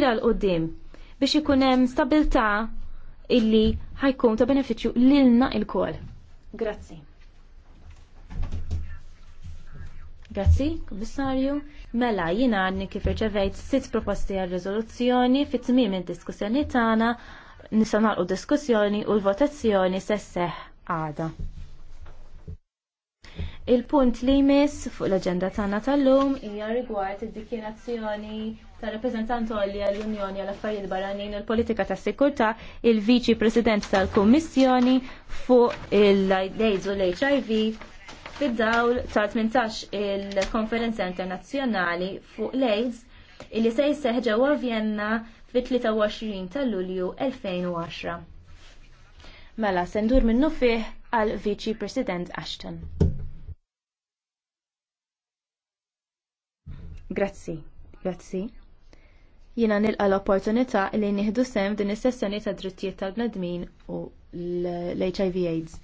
mira l-qoddim biex ikun hemm stabilità illi ħajkun ta' benefiċċju lilna il-kol. Grazzi. Grazzi, Komissarju. Mela, jina għadni kif irċevejt sitt proposti għal rezoluzzjoni fit tmiem id-diskussjoni tagħna nisa u diskussjoni u l-votazzjoni se sseħħ għada. Il-punt li jmiss fuq l-aġenda tagħna tal-lum hija rigward id-dikjerazzjoni ta' rappresentant għalli għall-Unjoni għall-Affarijiet Barranin il-Politika ta' Sekurta, il-Viċi President tal-Kummissjoni fuq il-AIDS u l-HIV fid-dawl ta' 18 il-Konferenza Internazzjonali fuq l-AIDS illi se jisseħ ġewwa Vienna fit-23 ta' Lulju 2010. Mela, sendur minnu fih għal Viċi President Ashton. Grazzi, grazzi. Jiena nilqa l-opportunità li nieħdu sem din is-sessjoni ta' drittijiet tal-bnedmin u l-HIV AIDS.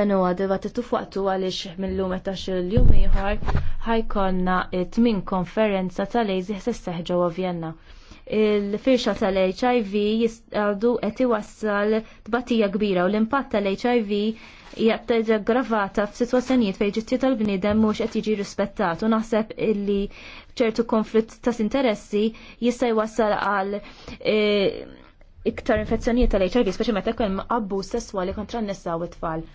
Dan huwa dibattitu fuqtu għaliex mill-lum ta' xil-jum ieħor ħajkonna tmin konferenza tal-AIDS se seħġa ġewwa Vjenna il-firxa tal-HIV jistgħu qed iwassal tbatija kbira u l-impatt tal-HIV jgħatteġa gravata f'sitwazzjonijiet fejn ġitti tal-bniedem mhux qed jiġi rispettat u naħseb illi ċertu konflitt ta' interessi jista' jwassal għal e, iktar infezzjonijiet tal-HIV, speċi meta hemm abbuż sesswali kontra n-nisa u t-tfal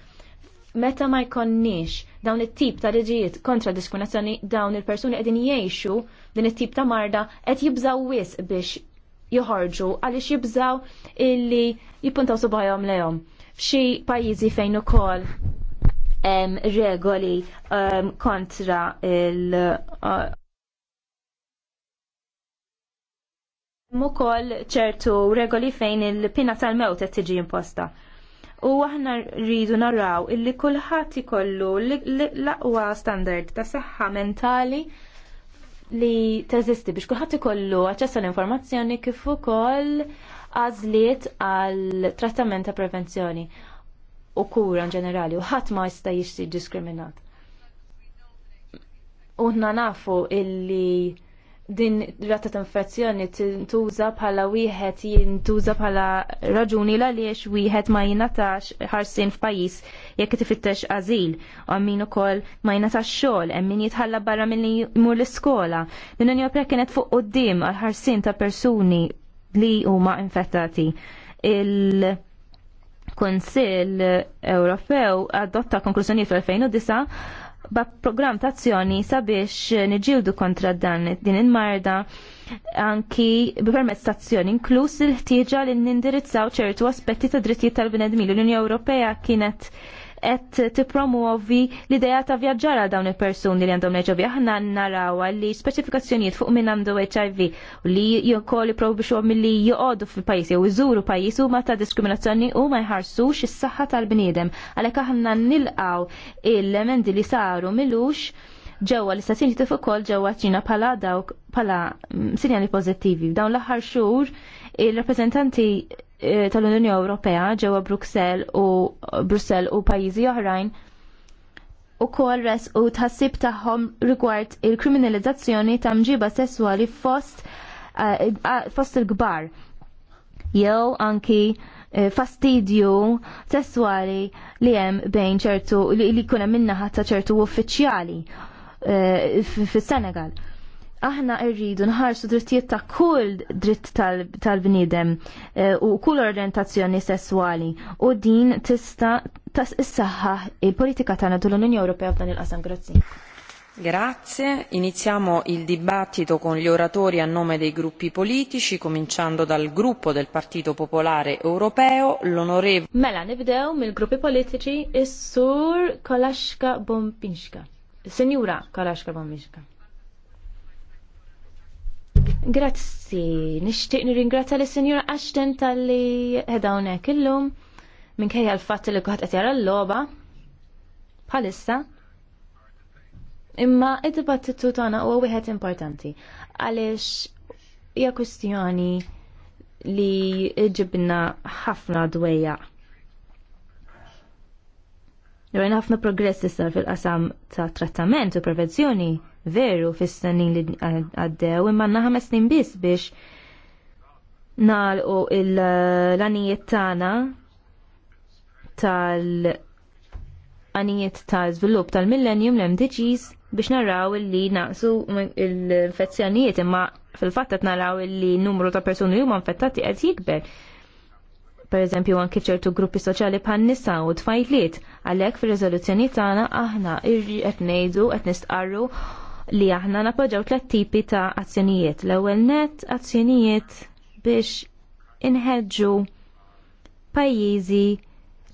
meta ma jkonniex dawn it-tip ta' liġijiet kontra diskriminazzjoni dawn il-persuni qegħdin jgħixu din it-tip ta' marda qed jibżaw wis biex joħorġu għaliex jibżaw illi jippuntaw subajhom lehom. F'xi pajjiżi fejn ukoll hemm regoli um, kontra il uh, ukoll ċertu regoli fejn il-pina tal-mewt qed tiġi imposta u aħna rridu naraw illi kulħadd ikollu l-aqwa standard ta' saħħa mentali li teżisti biex kulħadd ikollu aċċess għall informazzjoni kif ukoll għażliet għal trattament ta' prevenzjoni u kura in ġenerali u ħadd ma jista' jixti diskriminat. Uħna nafu illi din rata ta' infrazzjoni tintuża bħala wieħed jintuża bħala raġuni għaliex wieħed ma jingħatax ħarsin f'pajjiż jekk tifittex għażil u għammin ukoll ma jingħatax xogħol hemm min jitħalla barra milli jmur l-iskola. Din unjoni Ewropea kienet fuq quddiem għal ħarsien ta' persuni li huma infettati. Il Kunsill Ewropew adotta konklużjoni fl-2009 program ta' azzjoni sabiex niġildu kontra dan din il-marda anki bi permezz ta' azzjoni inkluż il-ħtieġa li nindirizzaw ċertu aspetti ta' drittijiet tal-bnedmin. L-Unjoni Ewropea kienet qed tippromuovi l-idea ta' vjaġġar għal dawn il-persuni li għandhom HIV. Aħna naraw li speċifikazzjonijiet fuq minn għandu HIV u li jkoll jipprobixu milli joqogħdu fil-pajjiż jew iżuru pajjiż huma ta' diskriminazzjoni u ma jħarsux is-saħħa tal-bniedem. Għalhekk aħna nilqaw il-emendi li saru milux ġewwa l-istazzjoni tif ukoll ġewwa ċina bħala dawk bħala mm, sinjali pożittivi. Dawn l-aħħar xhur Il-rappresentanti eh, tal-Unjoni Ewropea ġewwa Bruxelles u Brussell u pajjiżi oħrajn u kol res u tħassib tagħhom rigward il-kriminalizzazzjoni ta' mġiba sesswali fost eh, fost il-kbar jew anki eh, fastidju sesswali li hemm bejn ċertu li jkun hemm min-naħa ta' ċertu uffiċjali fis-Senegal aħna rridu nħarsu drittijiet ta' kull dritt tal-bnidem eh, u kull orientazzjoni sessuali u din tista' tas issaħħa il-politika tagħna l unjoni Ewropea f'dan il-qasam. Grazzi. Grazie, iniziamo il dibattito con gli oratori a nome dei gruppi politici, cominciando dal gruppo del Partito Popolare Europeo, l'onorevole... Mela, nibdew mill-gruppi politiċi, is-sur Kolashka Bompinska. Signora Kolashka Bompinska. Grazzi, nishtiq nirringrazzja li Sinjura Ashton tal-li ħedawnek illum minn kajja l-fatt li kħat jara l-loba bħalissa. Imma id-dibattitu tagħna huwa wieħed importanti għaliex hija kwestjoni li ġibna ħafna dwejja. Rajna ħafna progress sar fil-qasam ta' trattament u prevenzjoni veru fis-snin li għaddew imma għandna ħames snin biss biex nagħlqu l-għanijiet tagħna tal-għanijiet ta' żvilupp tal-millennium l-MDGs biex naraw li naqsu l-infezzjonijiet imma fil-fatt qed naraw li numru ta' persuni huma infettati qed jikber per eżempju anki ċertu gruppi soċjali bħal nisa u tfajliet, għalhekk fir-riżoluzzjoni tagħna aħna qed ngħidu qed nistqarru li aħna napoġġaw tlet tipi ta' azzjonijiet. L-ewwel net azzjonijiet biex inħeġġu pajjiżi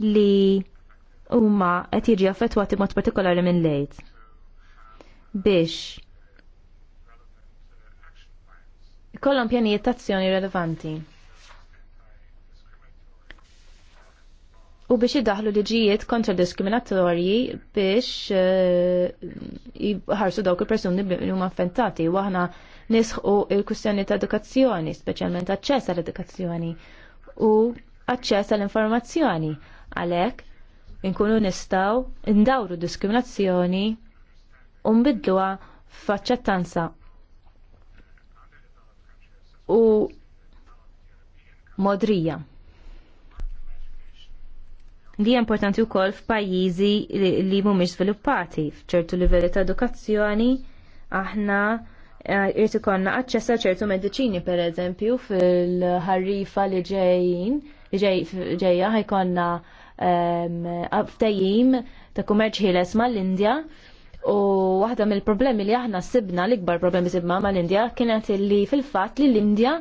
li huma qed jiġi affettwati mod partikolari minn lejt. Biex ikollhom pjanijiet ta' azzjoni relevanti. u biex idaħlu liġijiet kontra diskriminatorji biex eh, jħarsu dawk il-persuni li huma affettati u aħna nisħu il-kustjoni ta' edukazzjoni, speċjalment aċċess għal edukazzjoni u aċċess għal informazzjoni għalhekk inkunu nistgħu ndawru diskriminazzjoni u nbidluha f'aċċettanza u modrija li importanti wkoll f'pajjiżi li mhumiex sviluppati f'ċertu livelli ta' edukazzjoni aħna eh, irti konna aċċessa ċertu mediċini per eżempju fil-ħarrifa li ġejjin li ġejja ħajkonna ehm, ftejjim ta' kummerċ ħieles mal-Indja u waħda mill-problemi li aħna sibna l-ikbar problemi sibna mal-Indja kienet li fil-fatt li l-Indja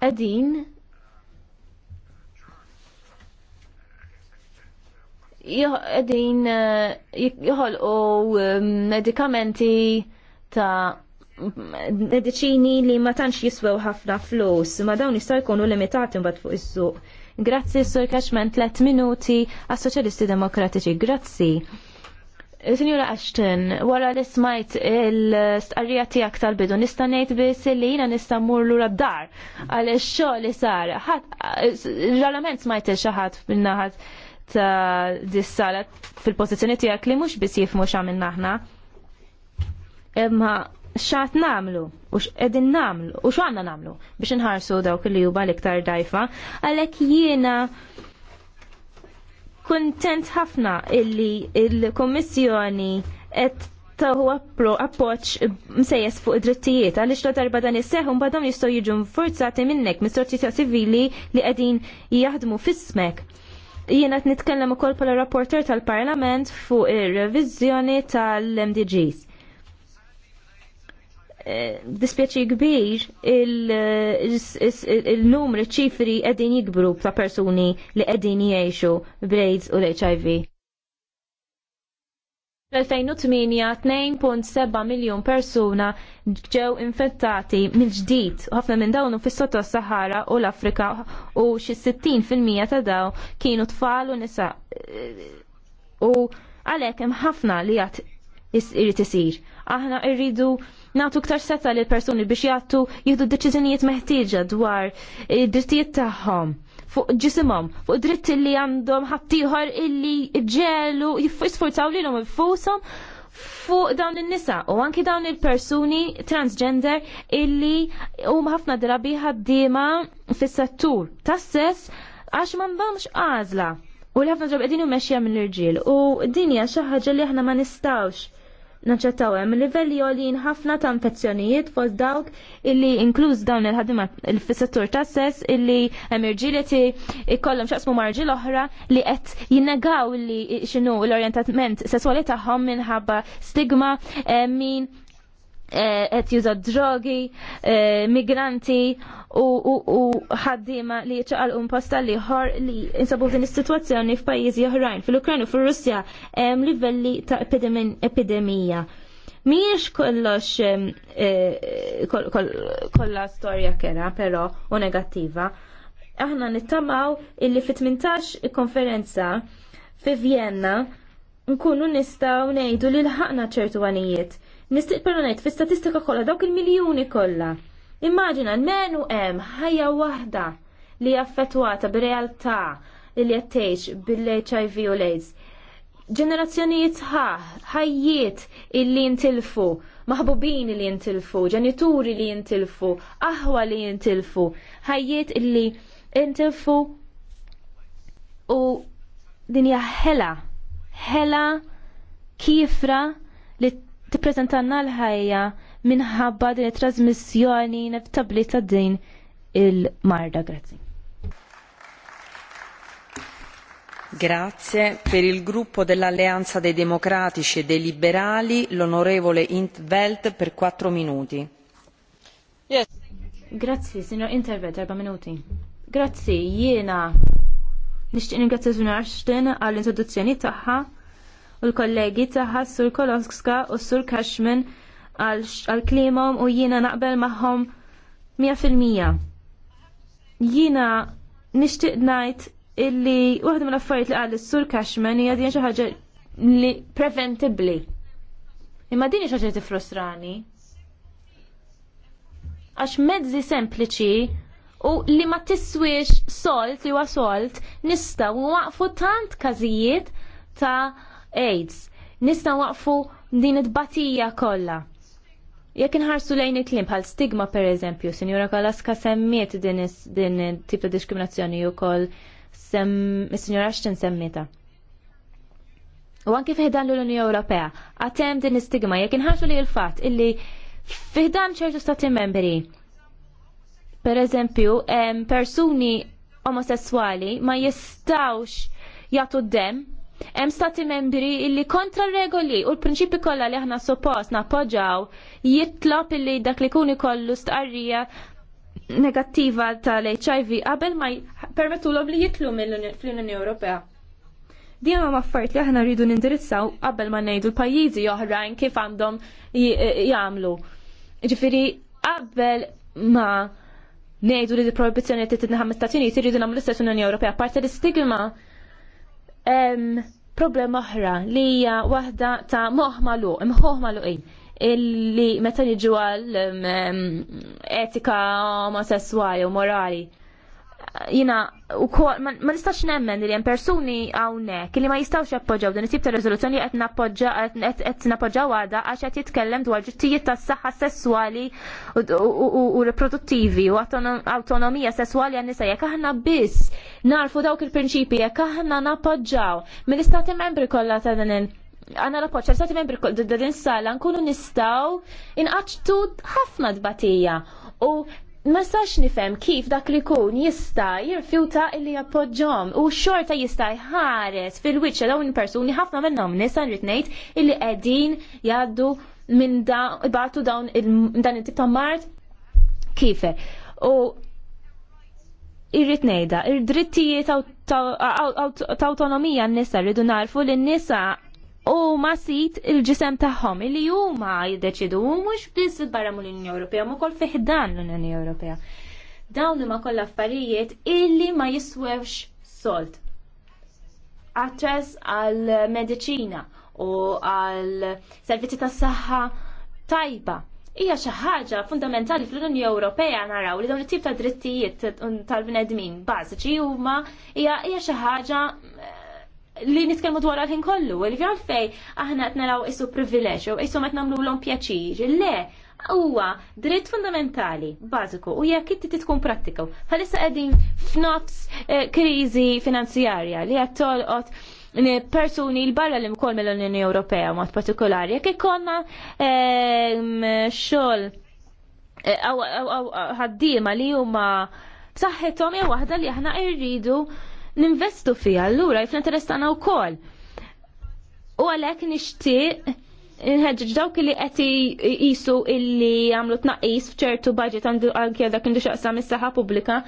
qegħdin Eh, jħol u eh, medikamenti ta' medicini li ma tantx jiswew ħafna flus, ma dawn jistaw jkunu limitati mbagħad fuq is-suq. Grazzi Sur Cashman, 3 minuti għas-Soċjalisti Demokratiċi. Grazzi. Signora Ashton, wara li smajt il-stqarrija tiegħek tal-bidu nista' ngħid biss li jiena nista' mmur lura d-dar għal ix-xogħol li sar. ralament smajt il xi ħadd minnaħat ta' eh, dis fil-pozizjoni tiegħek li mhux biss jifmu x'għamilna naħna. Imma xaħt nagħmlu u x'qegħdin nagħmlu u x'għandna nagħmlu biex inħarsu dawk li juba l-iktar dajfa għalhekk jiena kuntent ħafna illi il-Kommissjoni qed taħu appoċ msejjes fuq id-drittijiet, għalix la darba dan is un badom jistgħu jiġu forzati minnek ta' civili li qegħdin jaħdmu fismek. Jiena qed nitkellem ukoll bħala rapporter tal-Parlament fuq ir-reviżjoni tal-MDGs. Eh, dispjaċi kbir il-numri ċifri qegħdin jikbru ta' persuni li qegħdin jgħixu b'AIDS u l-HIV. Fl-2008 2.7 miljon persuna ġew infettati mill-ġdid u ħafna minn dawn fis sotto sahara u l-Afrika u xi 60% ta' daw kienu tfal u nisa. U għalhekk hemm ħafna li qatt irid isir. Aħna rridu nagħtu ktar setta lill persuni biex jagħtu jieħdu deċiżjonijiet meħtieġa dwar id-drittijiet tagħhom fuq ġisimhom, fuq dritt li għandhom ħaddieħor illi ġelu jisforzaw lilhom infushom fuq dawn in-nisa u anki dawn il-persuni transgender illi huma ħafna drabi ħaddiema fis-settur tas-sess għax m'għandhomx għażla u l-ħafna ġob qegħdin immexxija mill-irġiel u dinja xi ħaġa li aħna ma nistgħux naċċettaw hemm livelli għolin ħafna ta' infezzjonijiet fost dawk illi inkluż dawn il-ħadima fis-settur ta' sess illi hemm irġieli ikollhom xaqsmu marġi l-oħra li qed jinnegaw li x'inhu l-orjentament sesswali tagħhom minħabba stigma eh, min Eh, qed juża drogi, eh, migranti u ħaddiema li ċaqal un posta li ħor li insabu din is-sitwazzjoni f'pajjiżi oħrajn. fil ukrajn u fir-Russja hemm livelli ta' epidemija. Miex kollox eh, kollha storja kera, però u negattiva. Aħna nittamaw illi fit-18 konferenza fi Vienna nkunu nistaw nejdu li l-ħakna ċertu għanijiet Nistiq però ngħid statistika kollha dawk il-miljuni kollha. Immaġina menu hemm ħajja waħda li affettwata b'realtà li qed tgħix bil-HIV u l-AIDS. Ġenerazzjonijiet ħaħ, ħajjiet illi jintilfu, maħbubin illi jintilfu, ġenituri li jintilfu, aħwa li jintilfu, ħajjiet illi jintilfu u dinja ħela, ħela kifra tippreżentanna l-ħajja minħabba din it-trasmissjoni inevitabbli ta' din il-marda. Grazzi. Grazie. Per il gruppo dell'Alleanza dei Democratici e dei Liberali, l'onorevole Welt per quattro minuti. Yes. Grazie, signor Intervelt, erba minuti. Grazie, jiena. Nishtiq ringrazzja Zunar Ashton għall-introduzzjoni tagħha u l-kollegi tagħha Sur Kolonska u Sur Cashman għal kliemhom u jiena naqbel magħhom 100%. Jiena nixtieq ngħid illi waħda mill affarijiet li qal sur Cashman hija din xi ħaġa li preventibbli. Imma din jgħad jgħad tifrustrani. Għax mezzi sempliċi u li ma tiswix solt li wa solt u waqfu tant każijiet ta' AIDS. Nista waqfu din it-batija kollha. Jekk inħarsu lejn it-tlim bħal stigma per eżempju, Sinjura Kalaska semmiet din din tip ta' diskriminazzjoni wkoll sem Sinjura Ashton semmieta. U għanki fiħdan l-Unjoni Ewropea, għatem din is-stigma, jekk ħarsu li l-fatt illi fiħdan ċertu stati membri. Per eżempju, persuni omosessuali ma jistawx jagħtu d-dem Hemm stati membri illi kontra regoli u l-prinċipi kollha li aħna suppost nappoġġaw jitlob illi dak li jkun ikollu stqarrija negattiva tal-HIV qabel ma permettulhom li jitlu fl-Unjoni Ewropea. Din huma affarijiet li aħna rridu nindirizzaw qabel ma ngħidu l-pajjiżi oħrajn kif għandhom e- e- jagħmlu. Ġifieri qabel ma ngħidu li l prohibizzjoni trid tinħamm Stati Uniti rridu nagħmlu l-istess Unjoni Ewropea parti l-istigma problema oħra li hija waħda ta' moħmalu, ej, illi meta niġu għal etika omosessuali u morali jina u kol, ma, nistax nemmen li jem personi għawnek li ma jistawx jappoġaw din it-tip ta' rezoluzzjoni qed nappoġaw għada għax qed jitkellem dwar ġittijiet tas saħħa sesswali u riproduttivi u autonomija sesswali għan nisa jek aħna biss narfu dawk il-prinċipi jekk aħna nappoġġaw mill-istati membri kollha ta' din għana l-appoċ, għal-sati membri din sala nkunu nistaw inqaċtu ħafna dbatija u ma sax nifem kif dak li kun jista jirfjuta illi jappoġġom u xorta jista jħares fil-wiċċa dawn persuni ħafna minnhom nisa nrid ngħid illi qegħdin jgħaddu minn batu dawn dan it-tip ta' mart kife. U irrid ngħidha, ir-drittijiet ta' awtonomija n-nisa rridu narfu li n-nisa u ma sit il-ġisem tagħhom li huma jiddeċidu u mhux biss barra mill-Unjoni Ewropea ma kol fih l-Unjoni Ewropea. Dawn huma kollha affarijiet illi ma jiswewx sold. Aċċess għal mediċina u għal servizzi tas-saħħa tajba hija xi ħaġa fundamentali fl-Unjoni Ewropea naraw li dawn it-tip ta' drittijiet tal-bnedmin bażiċi huma hija hija xi ħaġa eh, li nitkellmu dwar għal-ħin kollu, li fej, aħna qed naraw isu privileġġ u isu qed nagħmlu l pjaċir. Le, huwa dritt fundamentali, bażiku, u jekk inti tkun pratiku. Ħalissa qegħdin f'nofs eh, kriżi finanzjarja li qed tolqot persuni l-barra li mkoll mill-Unjoni Ewropea mod partikolari, jekk ikonna ehm, xogħol eh, ħaddiema li huma b'saħħithom hija waħda li aħna rridu ninvestu fija allura jifna interessana u wkoll. U għalhekk nixtieq nħedġġ dawk li qed jisu illi għamlu tnaqis f'ċertu budget għandu għalkew dak kundu xaqsa is saħa pubblika.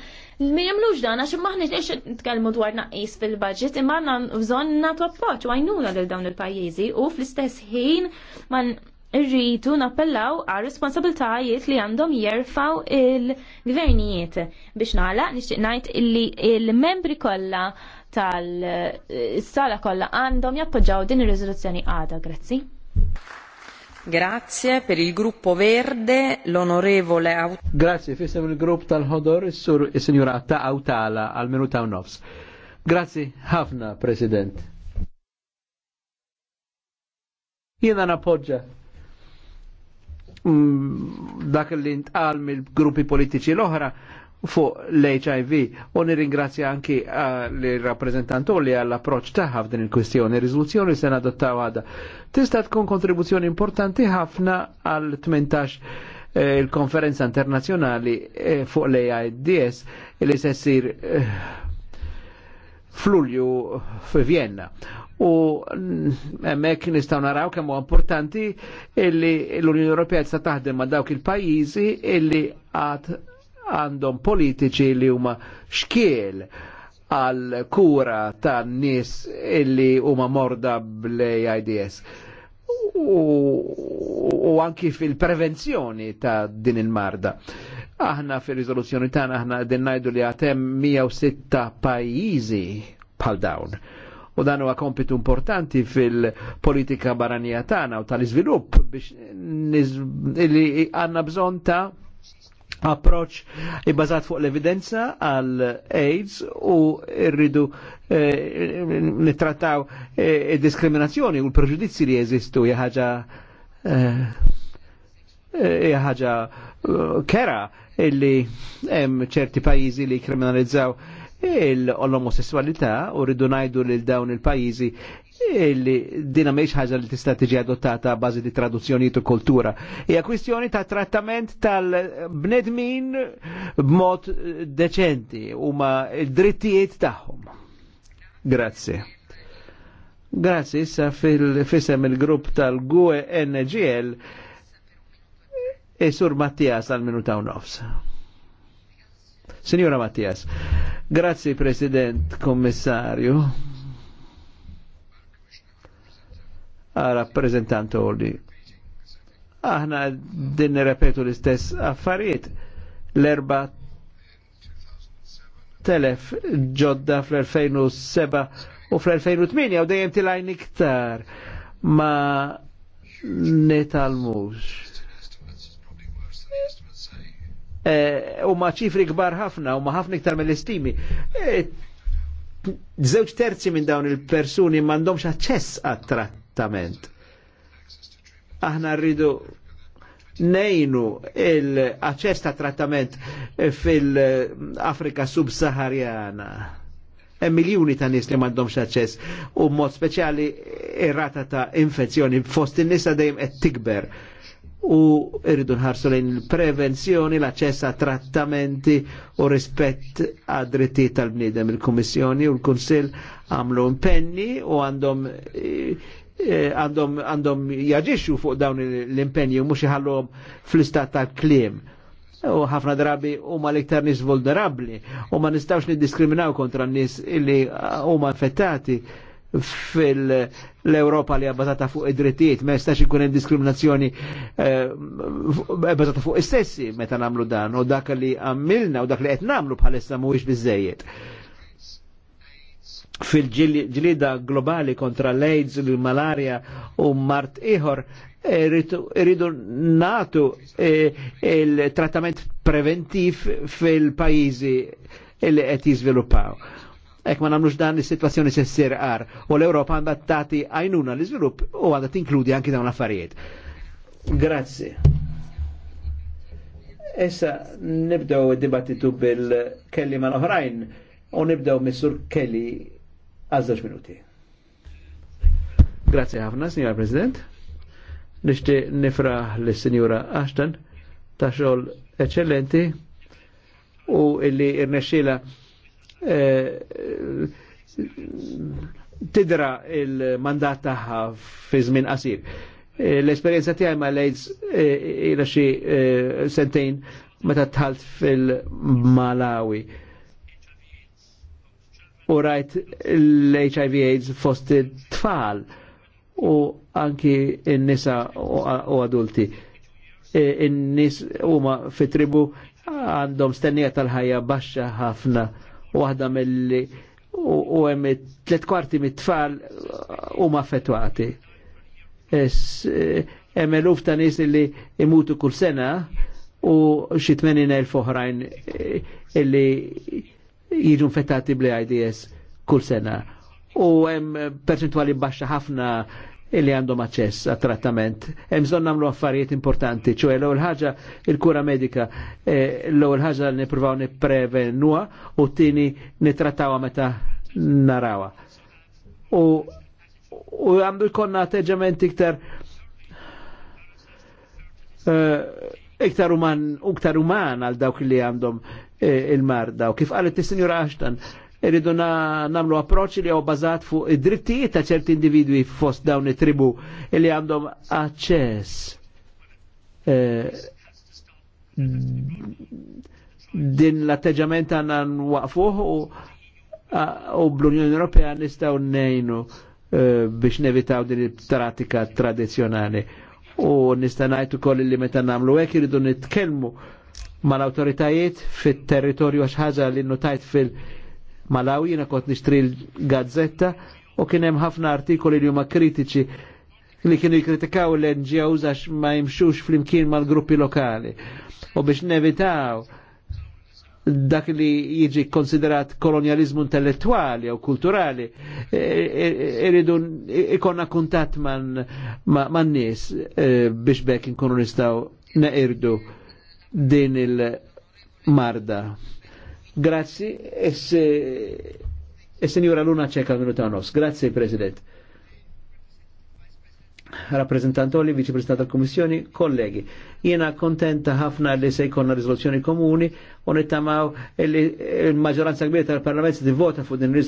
Ma jagħmlux dan għax maħniex qed nitkellmu dwar naqis fil-budget imma għandna bżonn nagħtu appoġġ u għajnuna lil dawn il-pajjiżi u fl-istess ħin ma' rridu nappellaw għal responsabiltajiet li għandhom jerfaw il-gvernijiet biex naħla nixtieq ngħid illi il-membri kollha tal-sala eh, kollha għandhom jappoġġaw din ir-riżoluzzjoni għada. Grazzi. Grazie per il gruppo verde l'onorevole Autala. Grazie, fissem il-grupp tal hodor is-sur is-sinjura Autala al minuta u nofs. Grazie ħafna, President. Jiena napoġġa Mm, dak li ntqal mill-gruppi politiċi l-oħra fuq l-HIV u nirringrazzja anki l-rappresentantu li għall-approċ taħħa f'din il-kwistjoni. Rizoluzzjoni se nadottaw għada. Tista' tkun kontribuzzjoni importanti ħafna għal 18 e, il-konferenza Internazzjonali e, fuq l-AIDS li se sir e, f'Lulju Vienna. U emmek nistaw naraw kemmu importanti illi l-Unjoni Ewropea tista' taħdem ma' dawk il-pajjiżi illi għad għandhom politiċi li huma xkiel għal kura ta' nis illi huma morda bl-AIDS. U, u anki fil-prevenzjoni ta' din il-marda. Aħna fir rizoluzzjoni tagħna aħna qegħdin ngħidu li għatem 106 pajjiżi bħal dawn. U dan huwa kompitu importanti fil-politika barranija tagħna u tal-iżvilupp biex li għandna bżonn ta' approċ ibbażat fuq l-evidenza għal AIDS u rridu eh, nittrattaw eh, diskriminazzjoni u l-preġudizzi li jeżistu hija ħaġa eh, ħaġa kera illi hemm ċerti pajjiżi li kriminalizzaw l-omosessualità u rridu najdu lil dawn il-pajjiżi illi dina mhix ħaġa li tista' tiġi adottata bażi di traduzzjoni u kultura. Hija kwistjoni ta' trattament tal-bnedmin b'mod deċenti huma d-drittijiet tagħhom. Grazie. Grazie issa fil-fisem il-grupp tal-GUE NGL E sur Mattias għal minuta u nofs. Signora Mattias, grazie President, Kommissarju, rappresentant Oli. Aħna din repetu l-istess affarijiet l-erba telef ġodda fl-2007 u fl-2008 u dejjem tilajn iktar ma netalmux Eh, u ma ċifri kbar ħafna u ma ħafna iktar mill-istimi. Eh, zewġ terzi minn dawn il-persuni mandomx aċċess għat-trattament. Aħna rridu nejnu l-aċċess ta' trattament fil-Afrika subsaharjana. E miljoni ta' nis li mandomx aċċess u mod speċjali ir-rata ta' infezzjoni fost in-nisa dejjem qed tikber u irridu nħarsu lejn il-prevenzjoni, l-aċċess għat trattamenti u rispett għad drittijiet tal-bniedem. Il-Kummissjoni u l-Kunsill għamlu impenni u għandhom eh, eh, għandhom għandhom jaġixxu fuq dawn l-impenni u mhux iħallhom fl-istat tal-kliem u ħafna drabi huma l-iktar nis vulnerabbli u ma nistawx niddiskriminaw kontra n-nies illi huma infettati fil-Europa li għabbatata fuq id-drittijiet, ma jistax ikun hemm diskriminazzjoni għabbatata eh, fuq istessi meta namlu dan, u dak li għamilna u dak li qed namlu bħalissa mhuwiex bizzejiet. fil-ġlida globali kontra l-AIDS, l-malaria u mart iħor, rridu natu eh, il-trattament preventiv fil-pajizi li qed jiżviluppaw Ek ma namlux dan il-situazzjoni se sir għar u l-Ewropa għandha tati għajnuna l izvilup u għandha tinkludi anki dawn l-affarijiet. Grazzi. Issa nibdew id-dibattitu bil-kelli ma' oħrajn u nibdew missur kelli Kelly minuti. Grazie ħafna, Signora President. Nishti nifra l signora Ashton ta' xol eccellenti u illi irnexxila Eh, tidra il-mandat taħħa fi żmien qasir. Eh, l-esperjenza tiegħi ma' lejds eh, ila xi sentejn meta tħalt fil-Malawi. U rajt l-HIV AIDS fost tfal u anki n-nisa u adulti. N-nis huma fit-tribu għandhom stennija tal-ħajja baxxa ħafna u għahda mill- li u għem tlet kwarti mit-tfal u uh, huma għem eh, l-uf ta' nis li imutu kull sena u xitmenin elf oħrajn eh, illi jiġu infettati bli IDS kull sena. U għem percentuali baxa ħafna illi għandhom aċċess għat trattament. Hemm bżonn nagħmlu affarijiet importanti, ċoe l-ewwel ħaġa il-kura medika, e, l-ewwel ħaġa li nippruvaw nipprevennuha u tieni nittrattawha meta narawha. U u għandu jkollna atteġġament iktar e, iktar uman, iktar uman għal dawk li għandhom e, il-marda u kif qalet is-Sinjura Ashton irridu namlu approċċ li huwa bażat fuq id-drittijiet ta' ċerti individwi fost dawn it-tribu li għandhom aċċess. Eh, din l-atteġament għanna nwaqfuħ u, bl-Unjoni Ewropea nistaw nejnu eh, biex nevitaw din il-pratika tradizjonali. U nista' ngħid ukoll li meta nagħmlu hekk iridu nitkellmu mal-awtoritajiet fit-territorju għax ħaġa li notajt fil- Malawi, jena kot nishtri l-gazzetta u kien hemm ħafna artikoli li huma kritiċi li kienu jkritikaw l-NGOs għax ma jimxux fl-imkien mal-gruppi lokali. U biex nevitaw dak li jiġi konsiderat kolonializmu intellettuali u kulturali, e, e, irridu ikonna kuntat man, man, man nis e, biex bekin nkunu nistaw neqirdu din il-marda. Grazzi, e signora Luna ċeka nos. Grazie, President. Rappresentantoli, Vice President tal Kommissjoni, kollegi. Jena kontenta ħafna li se jkollna rizoluzzjoni komuni u nittamaw il-maġġoranza kbira tal parlamento di vota fuq din di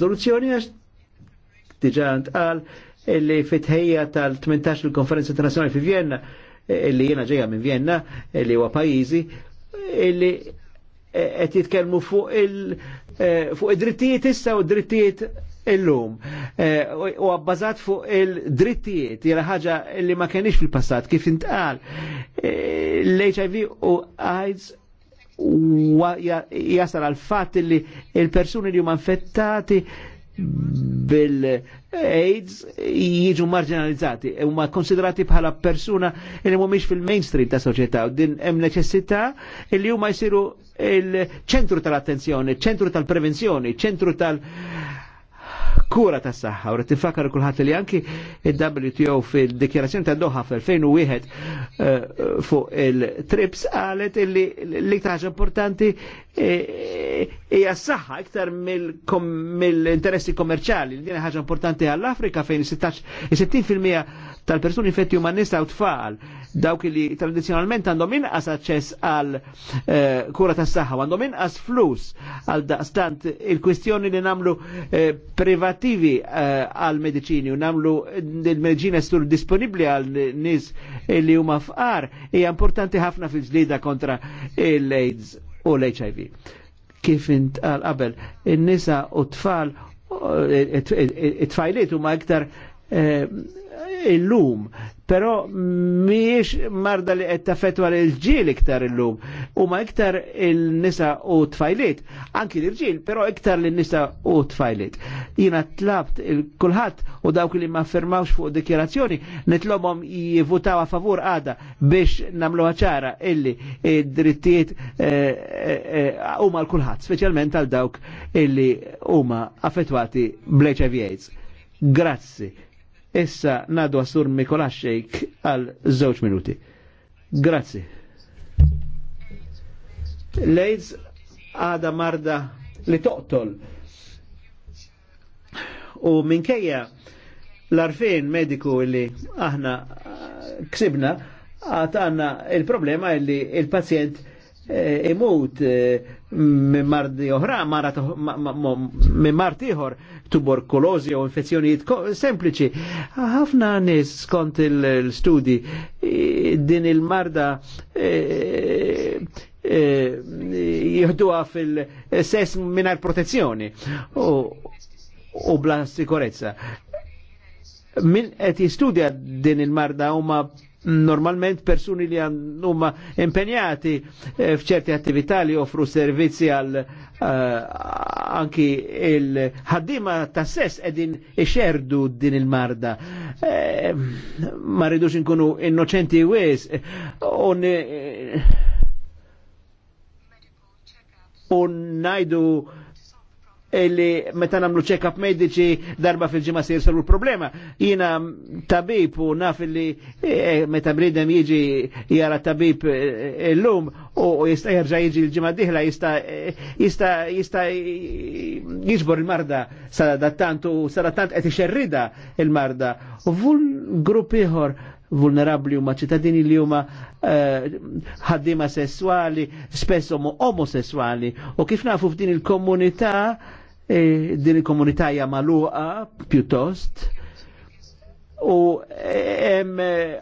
għax Al, e le fetheia tal-18 del konferenza Internazionale fi Vienna le Iena ġeja minn Vienna e UA Paesi, pajjiżi le qed jitkellmu fuq il eh, fuq id-drittijiet issa u d-drittijiet illum. Eh, u għabbażat fuq il-drittijiet, jira ħaġa li ma kenix fil-passat, kif intqal. Eh, L-HIV u AIDS jasal għal fat li il-persuni li huma infettati bil-AIDS jiġu marginalizzati u ma konsiderati bħala persuna li mhumiex fil-mainstream ta' soċjetà u din hemm neċessità li huma jsiru il-ċentru tal-attenzjoni, ċentru tal-prevenzjoni, ċentru tal-, -attenzjoni, ċentru tal kura ta' saħħa u rrid tifakar kulħadd li anki il-WTO fil-dikjarazzjoni ta' Doha fil-2001 eh, fuq il-trips qalet li l-iktar ħaġa importanti eh, hija s-saħħa iktar mill-interessi kommerċali. Din ħaġa importanti għall-Afrika fejn 60% tal-persuni infetti u mannista u tfal dawk li tradizjonalment għandhom inqas aċċess għal eh, kura tas saħħa għandhom inqas flus għal Stant il-kwistjoni li namlu eh, privativi eh, għal medicini u namlu il-medicina stur disponibli għal nis li huma fqar hija importanti ħafna fil-ġlida kontra l-AIDS u l-HIV. Kif int qabel, in-nisa u tfal it-tfajliet huma iktar Eh, illum, pero miex marda li qed tafetwa l-ġil iktar illum, u ma iktar il-nisa u tfajlit, anki l-ġil, pero iktar l-nisa u tfajlit. Jina tlabt il-kulħat u dawk li ma firmawx fuq dikjerazzjoni, nitlobhom jivutaw a favur għada biex namlu ċara illi id-drittijiet eh, eh, huma l-kulħat, specialment għal dawk illi huma affettwati bl-HIV Grazzi Issa nadu għasur Mikolaxxejk għal żewġ minuti. Grazzi. Lejz għada marda li toqtol. U minkejja l-arfin mediku illi aħna ksibna għatanna il-problema illi il-pazjent il-problema illi il pazjent E, imut e, minn oħra, minn mart ieħor tuberkulożi u infezzjonijiet sempliċi. Ħafna nies skont il-studi din il-marda e, jihduha fil-sess minar protezzjoni u bla sikurezza. Min qed jistudja din il-marda huma normalment persuni li huma impenjati eh, f'ċerti attività li offru servizzi għal eh, anki il-ħaddima ta' sess edin ixerdu din il-marda. Eh, ma rridux nkunu innoċenti wis u najdu illi meta namlu check-up medici darba fil-ġimma se jirsalu l-problema. Jina tabib u naf illi e, e, meta bridem jiġi jara tabib e, l-lum u jista jirġa jiġi l-ġimma diħla jista jista jista jiġbor il-marda sal-dattant u sal-dattant għet xerrida il-marda. U vul grupp iħor vulnerabli u ċittadini li huma ħaddima sessuali, spesso omosessuali. U kif nafu f'din il-komunità e, din il-komunità hija magħluqa pjuttost u eh,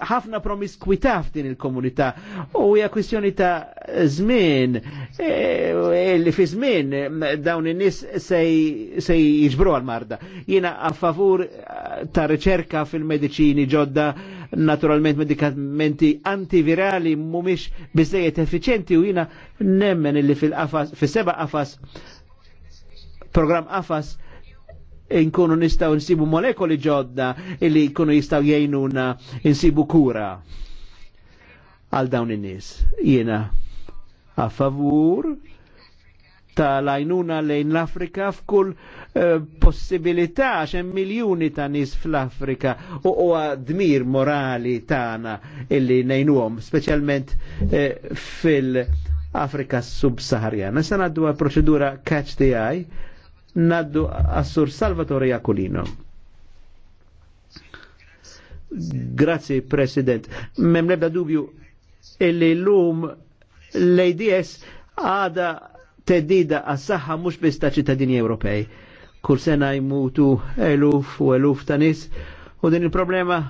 ħafna promiskwità f'din il-komunità u hija kwistjoni ta' żmien e, e li fi żmien mm, dawn in-nies se jiġbru għal marda. Jiena a favur eh, ta' riċerka fil-mediċini ġodda naturalment medikamenti antivirali mhumiex biżejjed effiċenti u jiena nemmen illi fil-qafas fis-seba' qafas program AFAS inkunu nistaw nsibu molekoli ġodda illi jkunu jistaw jgħinuna nsibu kura għal dawn in-nies. Jiena a favur ta' lajnuna lejn l-Afrika f'kull eh, possibilità xem miljoni ta' nis fl-Afrika u huwa dmir morali tagħna illi nejnuhom, speċjalment eh, fil-Afrika subsaharjana. Sa' għaddu proċedura catch the eye naddu assur Salvatore Jacolino. Grazie President. Mem nebda dubju illi l-lum l-ADS għada teddida għas-saħħa mux biss ta' ċittadini Ewropej. Kull sena jmutu eluf u eluf ta' nis u din il-problema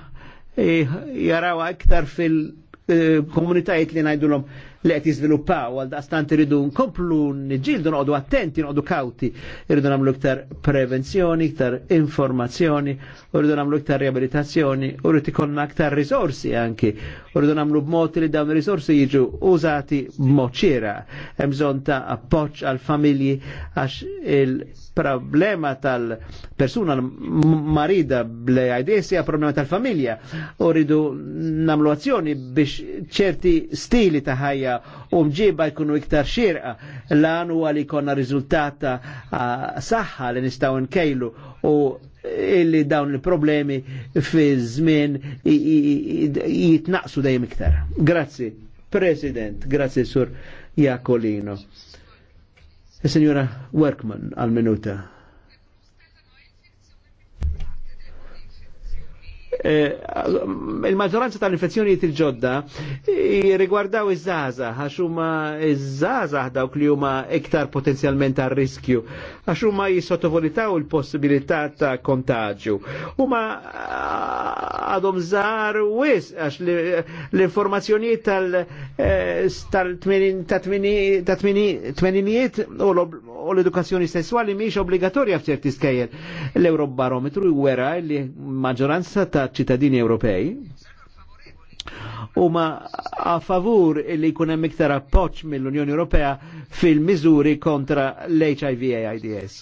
eh, jaraw iktar fil-komunitajiet eh, li ngħidulhom li għet jizviluppaw għal daqstant iridu nkomplu niġġieldu noqogħdu attenti, noqogħdu kawti, irridu namlu iktar prevenzjoni, iktar informazzjoni, u rridu namlu iktar riabilitazzjoni, u rrid ikollna aktar risorsi anki, u rridu nagħmlu b'mod li dawn ir-risorsi jiġu użati moċira, emżon ta' appoċ għal familji għax il-problema tal-persuna marida bl-AIDS hija problema tal-familja. U rridu namlu azzjoni biex ċerti stili ta' ħajja u mġiba jkunu iktar xirqa l-għan u għalli konna rizultata saħħa li nistaw nkejlu u illi dawn il-problemi fi zmin jitnaqsu dajem iktar. Grazzi, President, grazzi Sur Jakolino. Signora Workman, għal-minuta. Eh, il-maġġoranza tal-infezzjonijiet il-ġodda rigwardaw iż-żaza, għax huma iż-żaza dawk li huma iktar potenzjalment għal riskju, għax huma jissottovolitaw il-possibilità ta' kontagġu. Huma eh, għadhom żgħar wis għax l-informazzjonijiet tal-tmeninijiet eh, u l-edukazzjoni sessuali miex obbligatorja f'ċerti skejjel. L-Eurobarometru jwera li maġġoranza ta' ta' ċittadini Ewropej huma a favur li jkun hemm iktar appoġġ mill-Unjoni Ewropea fil-miżuri kontra l-HIV AIDS.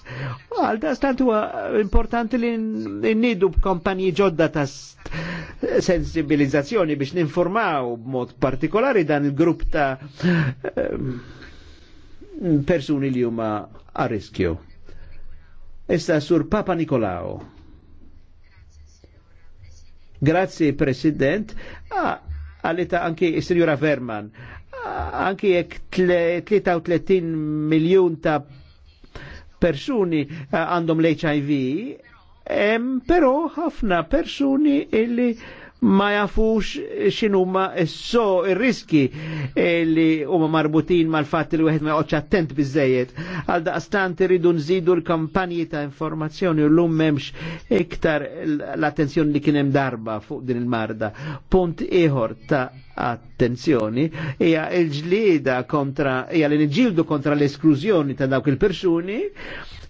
Għal stant huwa importanti li nnidu b'kompanji ġodda ta' sensibilizzazzjoni biex ninformaw b'mod partikolari dan il-grupp ta' persuni li huma a riskju. Issa sur Papa Nikolao. Grazie, President, ah, għalita anki Sr. Verman, ah, anki jek 33 miljon ta' persuni ah, għandhom l-HIV, però ħafna persuni illi ma jafux ma so il-riski eh, li huma marbutin mal-fatt li wieħed ma jqgħodx attent biżejjed. Għal daqstant irridu nżidu l-kampanji ta' informazzjoni u llum m'hemmx iktar l-attenzjoni li kien hemm darba fuq din il-marda. Punt ieħor ta' attenzjoni hija l-ġlieda kontra hija li niġġieldu kontra l-esklużjoni ta' dawk il-persuni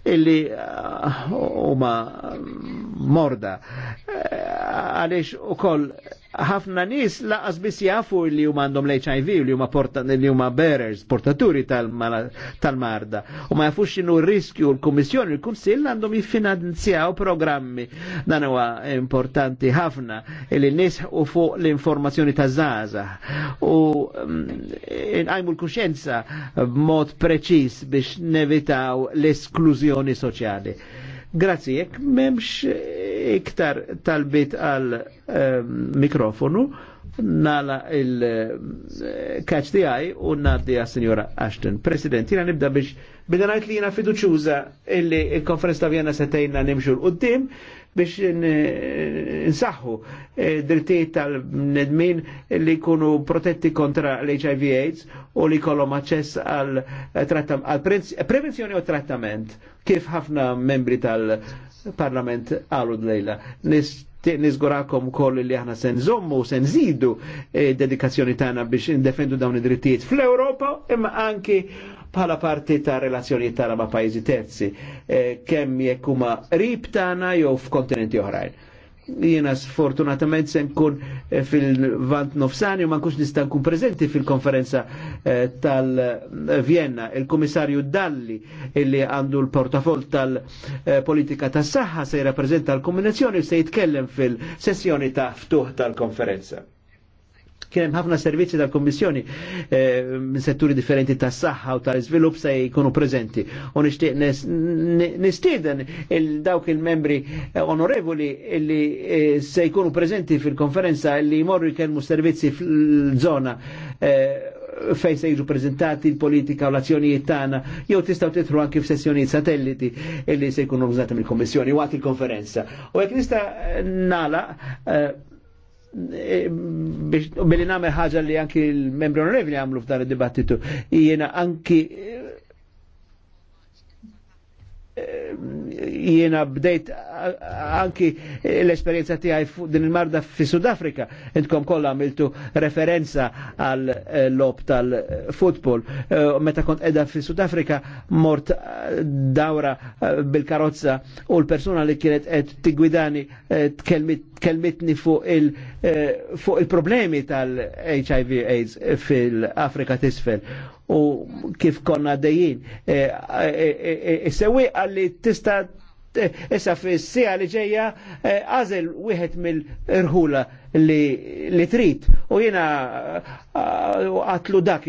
illi uh, huma morda uh, għaliex koll ħafna nis laqas biss jafu li huma għandhom l-HIV li huma porta, li huma bearers, portaturi tal-marda. u ma jafux xinu riskju l-Kummissjoni, l-Kunsill għandhom jiffinanzjaw programmi. Dan huwa importanti ħafna li nis u fuq l-informazzjoni ta' zaza. U mm, inqajmu l-kuxenza b'mod preċiż biex nevitaw l-esklużjoni soċjali. Grazie, jek memx eh, iktar talbit għal ehm, mikrofonu, nala il eh, catch the eye u naddi għal signora Ashton. President, jina nibda biex bidanajt li jina fiduċuza illi il-konferenz ta' Vienna setejna nimxu l-qoddim, biex nsaħħu eh, drittijiet tal-nedmin li jkunu protetti kontra l-HIV AIDS u li kollhom aċċess għal prevenzjoni u trattament kif ħafna membri tal-Parlament għalu d-lejla. Nizgurakom koll li aħna sen zommu, sen zidu eh, dedikazzjoni tagħna biex indefendu dawn id-drittijiet fl-Europa imma anki bħala parti ta' relazzjoni tagħna ma' pajjiżi terzi, eh, kemm jekk huma qrib tagħna jew f'kontinenti oħrajn. Jiena sfortunatament se nkun eh, fil-Vant Nofsani u ma nkunx nista' nkun preżenti fil-konferenza eh, tal-Vienna. Il-Kummissarju Dalli illi għandu l-portafol tal-politika tas-saħħa se jirrappreżenta l-kombinazzjoni se jitkellem fil-sessjoni ta' ftuħ tal-konferenza kien hemm ħafna servizzi tal-Kommissjoni eh, minn setturi differenti tas-saħħa u tal-iżvilupp se jkunu preżenti. U nixtieq nistieden il dawk il-membri eh, onorevoli li eh, se jkunu preżenti fil-konferenza li jmorru jkellmu servizzi fil-żona fej se jiġu prezentati l-politika u l-azzjonijiet tagħna, jew tistgħu titru anke f'sessjonijiet satelliti illi se jkunu organizzati mill kummissjoni waqt il-konferenza. U jekk nista' nala biex u billi namel ħaġa li anki il membri onorevoli għamlu f'dan id-dibattitu, jiena anki jiena bdejt anki l-esperienza tiegħi din il-marda fi Sudafrika. Intkom kollha għamiltu referenza għal eh, lob tal-futbol. Eh, meta kont edha fi Sudafrika mort eh, dawra bil-karozza u l-persuna li kienet qed tigwidani tkelmitni fuq il-problemi tal-HIV AIDS fil-Afrika t-isfel u kif konna dejjin. Sewi għalli tista' Eh, issa s sija li ġejja eh, għażel wieħed mill-irħula li trid u jiena eh, għatlu dak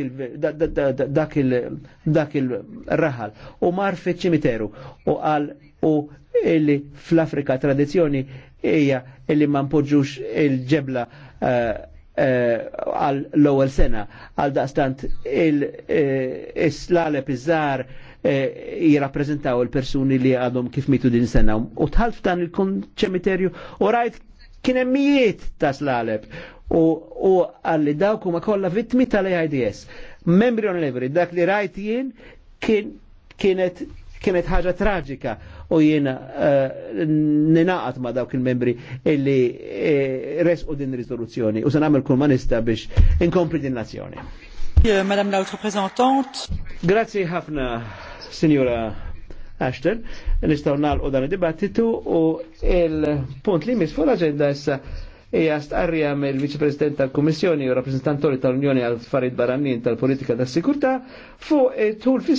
il-raħal u mar fi ċimiteru u għal u illi fl-Afrika tradizjoni hija illi ma npoġġux il-ġebla għal l-ewwel sena għal daqstant il-slale pizzar Eh, jirrappreżentaw il-persuni li għadhom kif mitu din sena. U tħalf dan il-ċemiterju u rajt kien mijiet ta' slaleb u għalli dawk huma kollha vittmi tal-AIDS. Membri on onorevoli, dak li rajt jien kienet kienet ħaġa traġika u jiena eh, ninaqat ma dawk il-membri illi uh, resqu din rizoluzzjoni u se nagħmel kull manista biex inkompli din nazzjoni. Euh, Madame la Représentante. Grazie ħafna, Signora Ashton. Nistaw nalqu dan id-dibattitu u il-punt li misfu l-agenda issa hija stqarrija mill-Viċi-President tal-Kummissjoni u rappresentantori tal-Unjoni għal farid Barannin tal-Politika tas-Sikurtà fuq it-tul fis